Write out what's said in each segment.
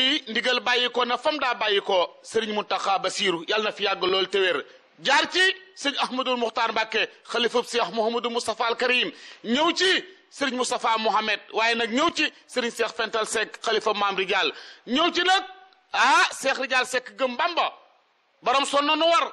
yi ndigal bàyyi ko na fam daa bàyyi ko sëriñ Muntaxa Basiiru yàlla na fi yàgg lool te wér jaar ci sëñ Ahmadul Muxtaar Mbàkke xalifab Seex Mouhamadou Moustapha al Karim ñëw ci sëriñ Moustapha Mohamed waaye nag ñëw ci sëriñ Seex Fental Seck xalifa Maam Rijaal ñëw ci nag ah Seex Rijaal Seck gëm Bamba borom sonn nu war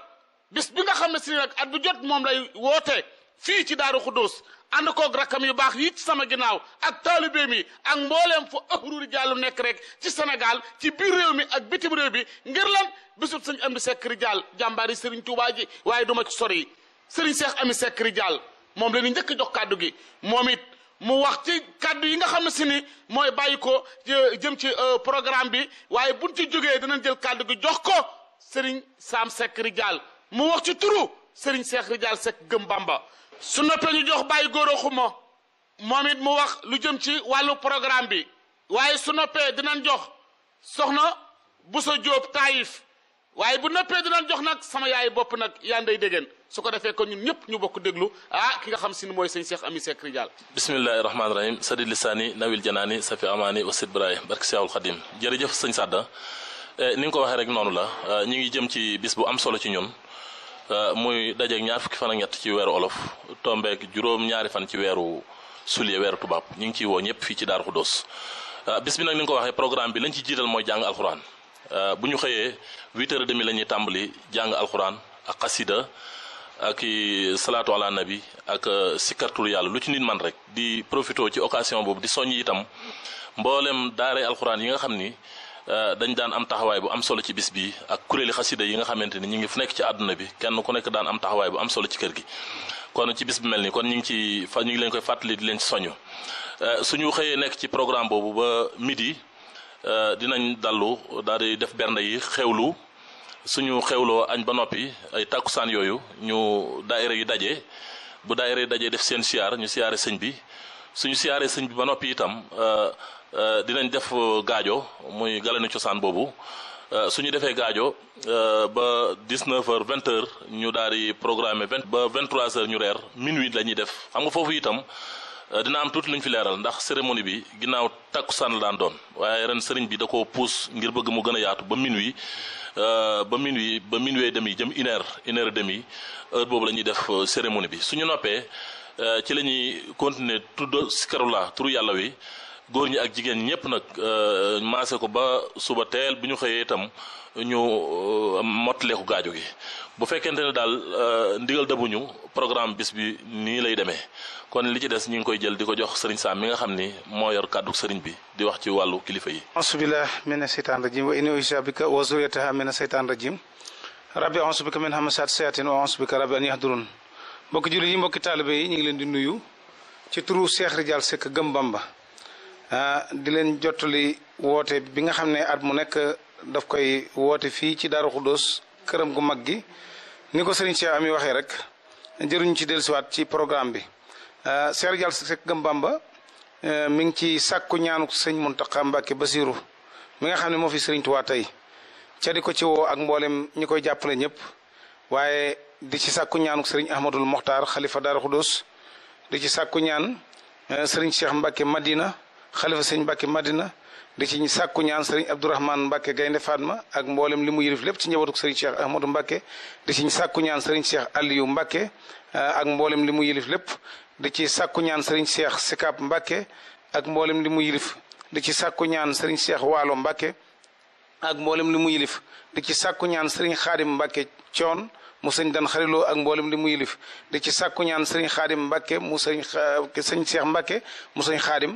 bis bi nga xam ne si nag moom lay woote fii ci daaru xudduus ànd koog rakkam yu baax yi ci sama ginnaaw ak taalibeem yi ak mbooleem fu ahlu rijaalu nekk rek ci Sénégal ci biir réew mi ak bitim réew bi ngir lan bisub sëñ Amdi Seck rijaal jàmbaari Serigne Touba ji waaye duma ci sori Serigne Cheikh Amdi Seck rijaal moom leen ñu njëkk jox kàddu gi moom it mu wax ci kàddu yi nga xam ne si ni mooy bàyyi ko jëm ci euh, programme bi waaye buñ ci jógee danañ jël kàddu gi jox ko Serigne Sam Seck rijaal mu wax ci turu Serigne Cheikh rijaal Seck gëm Bamba. su noppee ñu jox bàyyi góor a xuma moom it mu wax lu jëm ci wàllu programme bi waaye su noppee dinañ jox soxna Bousso Diop Taïf waaye bu noppee dinañ jox nag sama yaay bopp nag yaa nday déggeen su ko defee kon ñun ñëpp ñu bokk déglu ah ki nga xam si ni mooy sëñ Cheikh Ami Seck Ridial bismillahi rahmaani rahim sadi lisaani nawil janaani safi amaani wasid brayi barki Seexul Xadim jërëjëf sëñ Sadda eh, ni nga ko waxee rek noonu la ah, ñi ngi jëm ci bis bu am solo ci ñun Euh, muy dajeeg ñaar fukki fan ñett ci weeru olof tombeek juróom ñaari fan ci weeru sulie weeru tubaab ñu ngi ciy woo ñëpp fii ci daar Xudoos euh, bis bi nag ni nga ko waxee programme bi lañ ci jiital mooy jàng euh, bu ñu xëyee huit heures et la ñuy tàmbali jàng alxuraan ak xasida ak salaatu ala bi ak sikkartul yàlla lu ci nit man rek di profité ci occasion boobu di soññ itam mboolem daaree alxuraan yi nga xam ni Euh, dañ daan am taxawaay bu am solo ci bis bi ak kuréeli xasida yi nga xamante ni ñu ngi fu nekk ci àdduna bi kenn ku nekk daan am taxawaay bu am solo ci kër gi kon ci bis bu mel nii kon ñu ngi ci fa ñu ngi leen koy fàttali di leen ci soñu euh, suñu xëyee nekk ci programme boobu ba midi euh, dinañ dallu daal def bernde yi xewlu suñu xewloo añ ba noppi ay tàkkusaan yooyu ñu daayira yu daje bu daayira yu daje def seen siyaar ñu siyaare sëñ bi suñu siyaaree sëñ bi ba noppi itam euh, euh, dinañ def gaajo muy galanu cosaan boobu euh, suñu defee gaajo ba dix-neuf heures vingt ñu daal di programmer vingt ba vingt-trois heures ñu reer minuit la ñuy def xam nga foofu itam dina am tuuti lu ñu fi leeral ndax cérémonie bi ginnaaw takkusaan la daan doon waaye ren sëriñ bi da ko puus ngir bëgg mu gën a yaatu ba minuit ba minuit ba minuit demi jëm une heure une heure demi heure boobu la ñuy def cérémonie bi suñu noppee Euh, ci la ñuy continuer tudd sikarullah turu yàlla wi góor ñi ak jigéen ñëpp nag euh, maase ko ba suba teel bu ñu xëyee itam ñu euh, mottaleeku gaajo gi bu fekkente ne daal ndigal dabuñu programme bis bi nii lay demee kon li ci des ñu ngi koy jël di ko jox sëriñ saa mi nga xam ni moo yor kàddu sëriñ bi di wax ci wàllu kilifa yi asubillah mina seytaan rajim wa in uisa bika wa zuriyataha mina seytaan rajim rabbi ansubika min hamasat sayatin wa ansubika rabbi an mbokki jullit yi mbokki taalibe yi ñu ngi leen di nuyu ci turu Cheikh Ridial Seck gëmbamba Bamba ah, di leen jottali woote bi nga xam ne at mu nekk daf koy woote fii ci Daaru Xuddoos këram gu mag gi ni ko sëriñ Cheikh Ami waxee rek jëruñu ci dellusiwaat ci programme bi ah, Cheikh Ridial Seck Gëm Bamba eh, mi ngi ci sàkku ñaanu sëñ Muntaxa Mbàkke Basiru mi nga xam ne moo fi sëriñ Tuubaa tey ca di ko ci woo ak mboolem ñu koy jàppale ñëpp waaye di ci sàkku ñaan eh, sëriñ Ahmadul Mokhtar xalifa Darou di ci sàkku ñaan Mbacke Madina xalifa sëriñ Mbacke Madina di ci sàkku ñaan sëriñ Abdourahmane Mbacke Gaynde Fatma ak mboolem li mu yërif lépp ci njabootu sëriñ Cheikh Ahmadou Mbacke di ci sàkku ñaan sëriñ Cheikh Aliou Mbacke eh, ak mboolem li mu yërif lépp di ci sàkku ñaan sëriñ Cheikh Sikap Mbacke ak mboolem li mu di ci sàkku ñaan sëriñ Cheikh Waalo ak mboolem li mu yilif di ci sàkku ñaan sëriñ xaadim mbàkke coon mu sëñ dan xariloo ak mboolem li mu yilif di ci sàkku ñaan sëriñ xaadim mbàkke mu sëñ sëñ seex mbàkke mu sëñ xaadim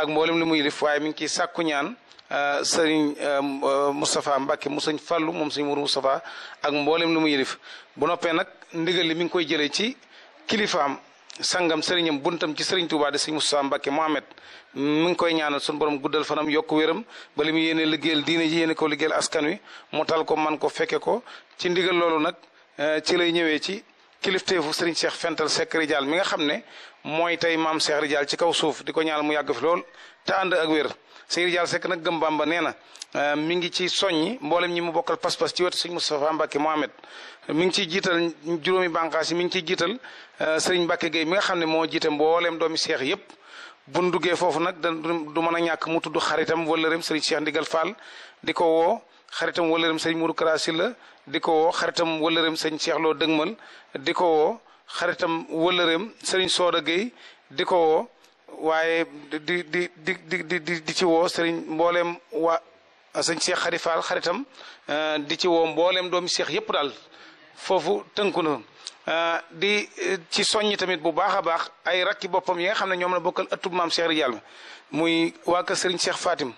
ak mboolem li mu yilif waaye mi ngi ciy sàkku ñaan euh, sëriñ euh, euh, Moustapha Mbacke mu sëñ Fallou moom sëñ Mourou Moustapha ak mboolem lu mu yëlif bu noppee nag ndigal li mi ngi koy jëlee ci kilifaam sangam seriñam buntam ci sëriñ Touba di sëñ Moustapha Mbacke Mohamed mi ngi koy ñaanal suñu borom guddal fanam yokk wéram ba li mu yéene liggéeyal diine ji yéene ko liggéeyal askan wi mu tal ko man ko fekke ko ci ndigal loolu nag. Euh, ci lay ñëwee ci kilifteefu Serigne Cheikh Fental Seck Rijaal mi nga xam ne mooy tey maam Cheikh Rijaal ci kaw suuf di ko ñaal mu yàgg fi lool te ànd ak wér Cheikh Rijaal Seck nag gëm Bamba nee na euh, mi ngi ci soññi mboolem ñi mu bokkal pas-pas ci wetu Serigne Moustapha Mbacke mi ngi ciy jiital juróomi bànqaas yi mi ngi ciy jiital euh, Serigne Mbacke Gueye mi nga xam ne moo jiite mboolem doomi Cheikh yëpp. buñ duggee foofu nag da du mën a ñàkk mu tudd xaritam wala rem Serigne Cheikh Ndigal Fall di ko woo. xaritam wëllëram sëñ Mourou Kara Sylla di ko woo xaritam wëllëram sëñ Cheikh Lo Dëgmal di ko woo xaritam wëllëram sëriñ Sooda Guèye di ko waaye di di di di di di ci woo sëriñ mbooleem waa sëñ Cheikh Xarifaal xaritam eh, di ci woo mbooleem doomi Cheikh yëpp daal foofu tënku na eh, di ci soññi tamit bu baax a baax ay rakki boppam yi nga xam ne ñoom la bokkal ëttub maam Cheikh Ridial muy waa kër sëriñ Cheikh Fatim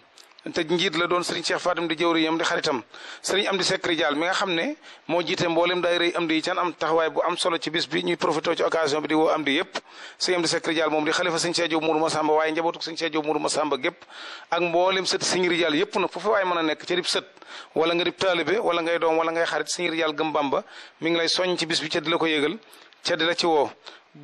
te njiit la doon sëriñ Cheikh Fatim di jëwriñam di xaritam sëriñ Amdi Seck Rijaal mi nga xam ne moo jiite mboolem daay rëy am di yi can am taxawaay bu am solo ci bis bi ñuy profité ci occasion bi di woo am di yëpp sëriñ Amdi Seck Rijaal moom di xalifa sëriñ Cheikh Diop Mourou Massamba waaye njabootuk sëriñ Cheikh Diop ruma Massamba gépp ak mboolem sët sëriñ Rijaal yëpp nag fu fi waaye mën a nekk ca dib sët wala nga dib taalibe wala ngay wala ngay xarit sëriñ Rijaal gëm Bamba mi ngi lay soññ ci bis bi ca di la ko yëgal ca di la ci woo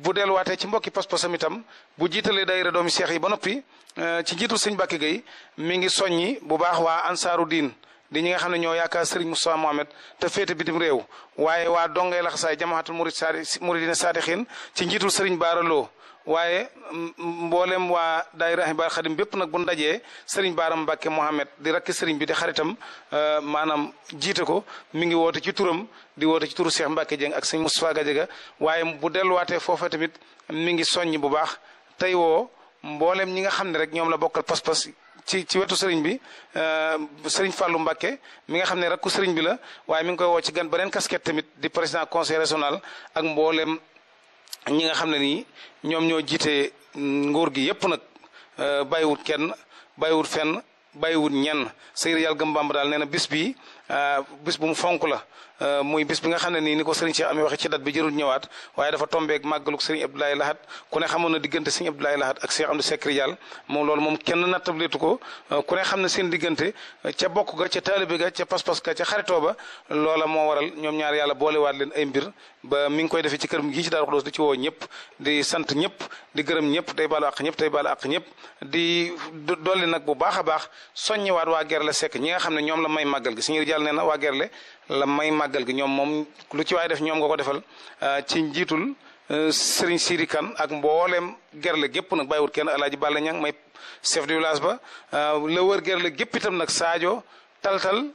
bu delluwaatee ci mbokki pas-pasam itam bu jiitalee daayira doomi seex yi ba noppi eh, ci jiitul sëñ Bàkke Gay mi ngi soññi bu baax waa ansaaru diin di ñi nga xam ne ñoo yaakaar Serigne Moustapha Mohamed te féete bitim réew waaye waa dongee laxasaay jamaatul murid saadi muridina xiin ci njiitul Serigne Baara Lo waaye mboolem waa daayira Ahibahil Khadim bépp nag bu ñu dajee Serigne Baara Mbacke Mohamed di rakki Serigne bi di xaritam euh, maanaam jiite ko mi ngi woote ci turam di woote ci turu Cheikh Mbacke Dieng ak sëñ Moustapha Gadiaga waaye bu delluwaatee foofa tamit mi ngi soññ bu baax tey woo mboolem ñi nga xam ne rek ñoom la bokkal pas ci ci wetu sëriñ bi euh, sëriñ Fallou Mbacké mi nga xam ne rakku sëriñ bi la waaye mi ngi koy woo ci gan beneen casquette tamit di président conseil régional ak mboolem ñi nga xam ne nii ñoom ñoo jiite nguur gi yépp nag euh, bàyyiwut kenn bàyyiwut fenn bàyyiwut ñenn sëriñ yàlla gëm Bàmba daal nee na bis bii Euh, bis bu mu fonk la euh, muy bis bi nga xam ne nii ni ko sëriñ Cheikh Amy waxee ci date bi jërul ñëwaat waaye dafa tombeek màggaluk sëriñ Abdoulaye Lahat ku ne xamoon na diggante sëriñ Abdoulaye Lahat ak Cheikh Amdou Seck Ridial moom loolu moom kenn nattableetu ko euh, ku ne xam ne seen diggante ca bokk ga ca taalibe ga ca pas-pas ga ca xaritoo ba loola moo waral ñoom ñaar yàlla boolewaat leen ay mbir ba mi ngi koy defee ci këram gii ci Daaru Xudoos di ci woo ñëpp di ñëpp di gërëm ñëpp day baalu àq ñëpp day baalu ñëpp di dolli nag bu baax a baax soññiwaat waa Gerla Seck ñi nga xam ne ñoom la may Diallo nee na waa Gerle la may màggal gi ñoom moom lu ci waaye def ñoom nga ko defal euh, ci njiitul euh, Serigne Siri Kane ak mbooleem Gerle gépp nag bàyyiwut kenn alaaji Balla Ñang may chef de village ba euh, la wër Gerle gépp itam nag Sadio Taltal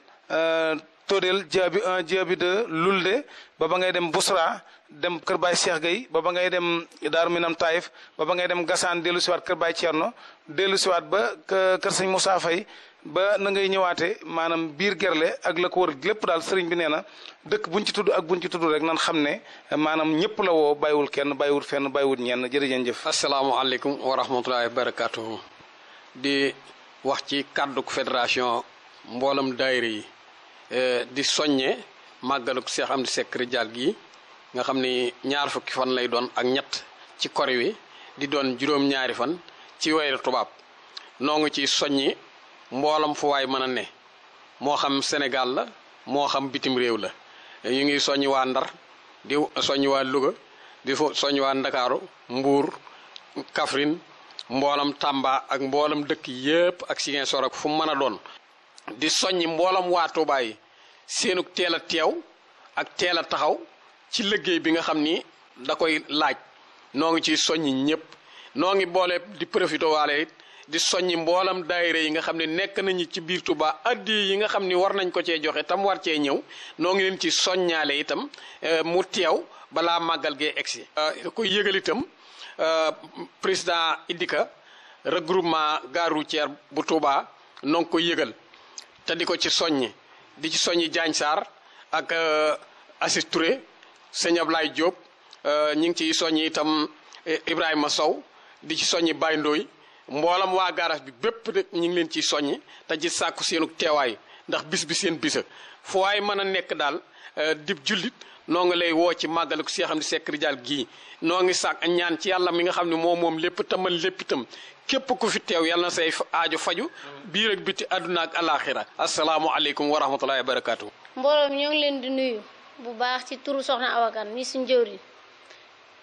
Todel Diaby 1 Diaby 2 Lulde ba ba ngay dem Bousra dem Kër Baay Cheikh gay ba ba ngay dem Daaru Minam Taïf ba ba ngay dem gasaan dellu siwaat Kër Baay Cerno dellu siwaat ba Kër Sëñ mosa fay ba na ngay ñëwaate maanam biir gerle ak la ko wër lépp daal sëriñ bi nee na dëkk buñ ci tudd ak buñ ci tudd rek nan xam ne maanam ñëpp la woo baywul kenn bàyyiwul fenn bàyyiwul ñenn jërëjëf. asalaamaaleykum wa rahmatulahi wa barakaatuhu di wax ci kàddu fédération mboolam daayira yi eh, di soññe màggaluk Seex Amdi Sekk Rijaal gi nga xam ni ñaar fukki fan lay doon ak ñett ci kori wi di doon juróom-ñaari fan ci weeru tubaab noo ci soññi mboolam fu waay mën a ne moo xam Sénégal la moo xam bitim réew la ñu ngi soññ waa Ndar di soññ waa Louga di soññ waa Ndakaaru Mbuur Kaffrine mboolam Tamba ak mboolam dëkk yépp ak Ziguinchor ak fu mën a doon di soññ mboolam waa Tuubaa seenug teel a teew ak teel a taxaw ci liggéey bi nga xam ni da koy laaj noo ngi ci soññ ñépp noo ngi boole di profité waale di soññi mboolam daayira yi nga xam ne nekk nañu ci biir Touba addi yi nga xam ni war nañ ko cee joxe tam war cee ñëw noo ngi leen ci soññaale itam euh, mu teew balaa màggal gee egsi euh, ku yëgal itam euh, président Idika regroupement gare routière bu Touba noo ko yëgal te di ko ci soññi di ci soññi Diagne ak Assis Touré sëñ Ablaye Diop ñu ngi ciy soññi itam Ibrahima Sow di ci soññi bayndooy mboolam waa garage bi bépp rek ñu ngi leen ci soññi te ji sàkku seenu teewaay ndax bis bi seen bisa fu waay mën a nekk daal euh, dib jullit noo ngi lay woo ci màggal ko Cheikh Hamdy Seck Ridial gii noo ngi sàkk ñaan ci yàlla mi nga xam ne moo moom lépp tamal lépp itam képp ku fi teew yàlla na say aajo faju biir ak biti àdduna ak alaaxira asalaamualeykum wa rahmatullahi wa barakaatu. mbooloo ñoo ngi leen di nuyu bu baax ci turu Soxna Awa Kane mi suñu jëwriñ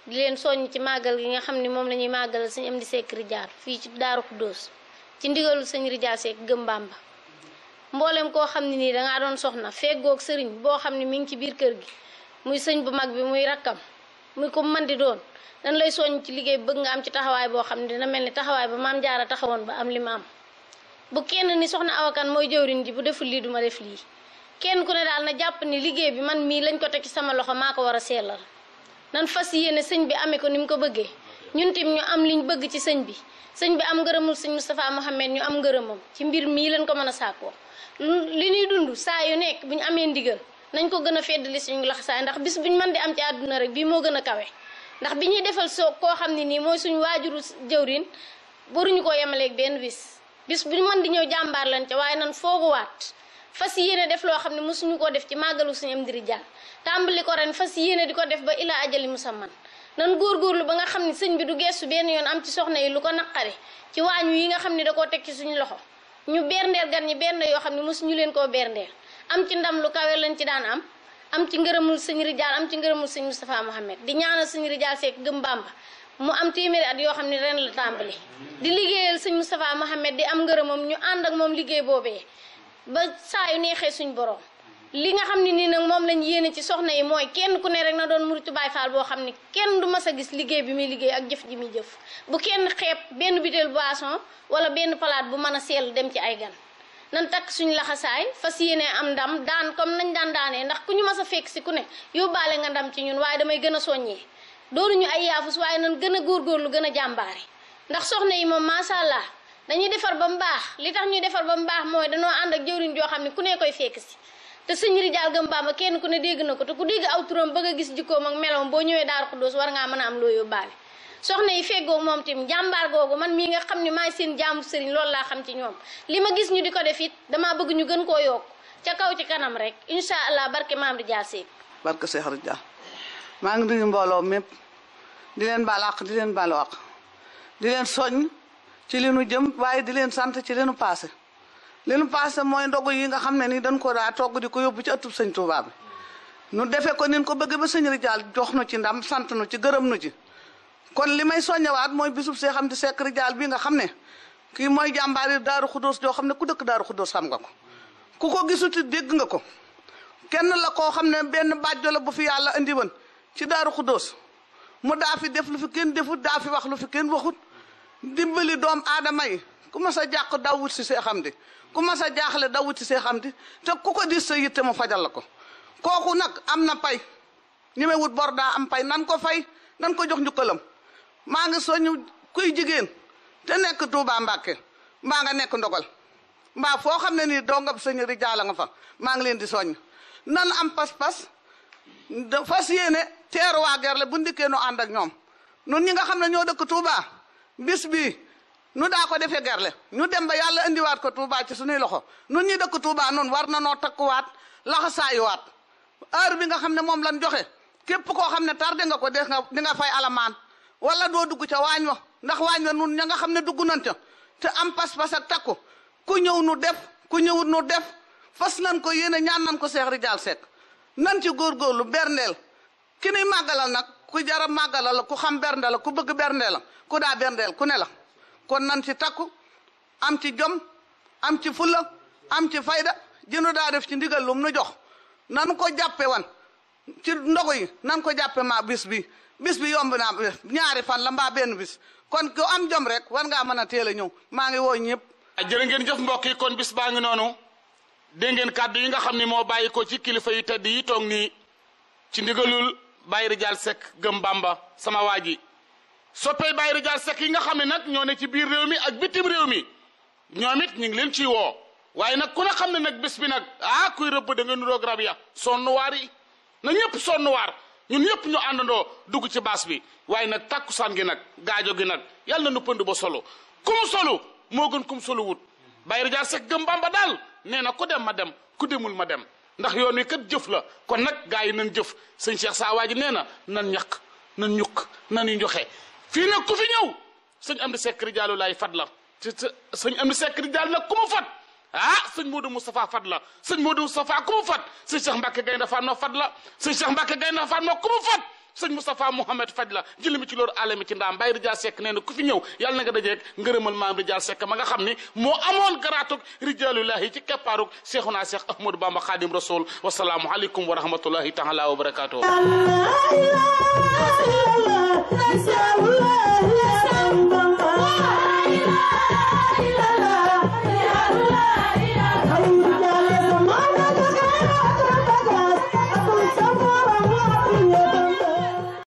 di leen soññ ci màggal gi nga xam ne moom la ñuy màggalal sëñ Amdi Seck Rijaar fii ci Daaru Xuddoos ci ndigalul sëñ Rijaar Seck gëmbaam Bàmba mboolem koo xam ne nii dangaa doon soxna feggoog sëriñ boo xam ne mi ngi ci biir kër gi muy sëñ bu mag bi muy rakkam muy ko mën di doon dañ lay soññ ci liggéey bëgg nga am ci taxawaay boo xam ne dina mel ni taxawaay ba maam jaara taxawoon ba am li ma bu kenn ni soxna awakan mooy jëwriñ ji bu deful lii duma def lii kenn ku ne daal na jàpp ni liggéey bi man mii lañ ko teg ci sama loxo maa ko war a seelal nan fas yéene sëñ bi amee ko ni mu ko bëggee ñun mu ñu am li liñ bëgg ci sëñ bi sëñ bi am ngërëmul sëñ Moustapha Mohamed ñu am ngërëmam ci mbir mii lañ ko mën a sàkkoo li ñuy dund saa yu nekk bu ñu amee ndigal nañ ko gën a feddali suñu laxasaay ndax bis ñu mën di am ci àdduna rek bii moo gën a kawe ndax bi ñuy defal soo koo xam ne nii mooy suñu waajuru jëwrin waruñu ko yemaleek benn bis bis ñu mën di ñëw jàmbaar lañ ca waaye nan fooguwaat fas yéene def loo xam ne mosuñu koo def ci màggalu suñu am diri tàmbali ko ren fas yéene di ko def ba ilaa ajali musamman nan góorgóorlu ba nga xam ne sëñ bi du gestu benn yoon am ci soxna yi lu ko naqari ci waañ yi nga xam ne dakoo koo teg ci suñu loxo ñu berndeel gan ñi benn yoo xam ne mosu ñu leen koo berndeel am ci ndam lu kawe lañ ci daan am am ci ngërëmul sëñ Rijaal am ci ngërëmul sëñ Moustapha Mohamed di ñaanal sëñ Rijaal Seck gëm Bàmba mu am téeméeri at yoo xam ne ren la tàmbali di liggéeyal sëñ Moustapha Mohamed di am ngërëmam ñu ànd ak moom liggéey boobee ba saa yu neexee suñu borom li nga xam ne nii nag moom lañ yéene ci soxna yi mooy kenn ku ne rek na doon muritu Baay Faal boo xam ne kenn du mas a gis liggéey bi muy liggéey ak jëf ji mu jëf bu kenn xeeb benn butéel boisson wala benn palaat bu mën a seel dem ci ay gan nan takk suñ laxasaay fas yéene am ndam daan comme nañ daan daanee ndax ku ñu mas a fekk si ku ne yóbbaale nga ndam ci ñun waaye damay gën a soññee doonuñu ay yaafus waaye nan gën a lu gën a jàmbaare ndax soxna yi moom macha allah dañuy defar ba mu baax li tax ñuy defar ba mu baax mooy danoo ànd ak jëwriñ xam ne ku ne koy fekk si te sëñ Rijaal Gëmbaam kenn ku ne dégg na ko te ku dégg aw turam bëgg a gis jikkoom ak meloom boo ñëwee Daaru Xuddoos war ngaa mën a am loo yóbbaale soxna yi feggoo moom tim jàmbaar googu man mii nga xam ne maay seen jaamu sëriñ lool laa xam ci ñoom li ma gis ñu di ko def it damaa bëgg ñu gën koo yokk ca kaw ci kanam rek incha allah barke maam Rijaal Seck. barke Seex Rijaal maa ngi nuyu mbooloo mépp di leen baal àq di leen baalu àq di leen soññ ci li jëm waaye di leen sant ci li nu li nu passé mooy ndogu yi nga xam ne ni dañ ko daa togg di ko yóbbu ci ëttub sëñ Tuubaa bi nu defee ko nin ko bëgg ba sëñ Rijaal jox nu ci ndam sant nu ci gërëm nu ci kon li may soññawaat mooy bisub see xam di sekk Rijaal bi nga xam ne kii mooy jàmbaari daaru xudóos joo xam ne ku dëkk daaru xudóos xam nga ko ku ko gisuti dégg nga ko kenn la koo xam ne benn bàjjo la bu fi yàlla andi woon ci daaru xudóos mu daa fi def lu fi kenn defut daa fi wax lu fi kenn waxut dimbali doom aadama yi ku mas a jàq daw wut si see xam di ku mas a jaaxle daw wut si see xam di te ku ko dis sa yitte mu fajal la ko kooku nag am na pay ñi may wut bor daa am pay nan ko fay nan ko jox njukkalam maa ngi soñu kuy jigéen te nekk Touba Mbàkke mbaa nga nekk ndogal mbaa foo xam ne nii dongab sëñ rijaala nga fa maa ngi leen di soññ nan am pas-pas fa fas yéene teeru waa gerle bu ndikkee nu ànd ak ñoom nun ñi nga xam ne ñoo dëkk Touba bis bi nu daa ko defee gerle ñu dem ba yàlla indiwaat ko Touba ci suñuy loxo nun ñi dëkk Touba noonu war na noo takkuwaat laxa saayuwaat heure bi nga xam ne moom lan joxe képp koo xam ne tardé nga ko def nga di nga fay alamaan wala doo dugg ca waañ wa ndax waañ wa nun ña nga xam ne dugg nañ ca te am pas-pas ak takku ku ñëw nu def ku ñëwut nu def fas nan ko yéene ñaan nan ko Seex Rijaal Sekk nan ci góorgóorlu berndeel ki nuy màggalal nag ku jara màggalal la ku xam bernde ku bëgg bernde la ku daa berndeel ku ne la kon nan ci takku am ci jom am ci fulla am ci fayda jinu daa def ci ndigal lum nu jox nan ko jàppe wan ci ndogu yi nan ko jàppe ma bis bi bis bi yomb naa ñaari fan la mbaa benn bis kon ko am jom rek war ngaa mën a teel a ñëw maa ngi woo ñëpp ah, jërë ngeen jëf mbokk yi kon bis baa ngi noonu dégg ngeen kàddu yi nga xam ni moo bàyyi ko ci kilifa yu tedd yi toog nii ci ndigalul Baye Ridial sek gëm Bamba sama waa ji soppey Baye Ridial Seck yi nga xam ne nag ñoo ne ci biir réew mi ak bitim réew mi ñoom it ñu ngi leen ciy woo waaye nag ku ne xam ne nag bés bi nag ah kuy rëbb da nga nuroog rab ya sonnuwaar yi na ñëpp waar ñun ñëpp ñu àndandoo dugg ci baas bi waaye nag saan gi nag gaajo gi nag yàlla na nu pënd ba solo kum solo moo gën kum solo wut Baye Ridial Seck gëm Bamba daal nee na ku dem ma dem ku demul ma dem ndax yoon wi kat jëf la kon nag gaa yi nan jëf sëñ Cheikh Saa waa ji nee na nan ñaq nan ñukk nan yu fii nag ku fi ñëw sëñ am di sekk rijaalu laay fat la ci sëñ am di sekk rijaal nag ku mu fat ah sëñ Modou Moustapha fat la sëñ Modou Moustapha ku mu fat sëñ Cheikh Mbacke Gaynde Fatma fat la sëñ Cheikh Mbacke Gaynde Fatma ku mu fat sëñ Moustapha Mouhamed faj la jëli mi ci loolu alami ci ndaam Baye Rijal Seck nee na ku fi ñëw yàlla na nga dajeeg ngërëmal maam Rijal Seck ma nga xam ni moo amoon garaatug rijalullahi ci keppaarug Seexuna Seex Ahmadou Bamba Xaadim Rasul wasalaamu aleykum wa rahmatullahi taala wa barakaatu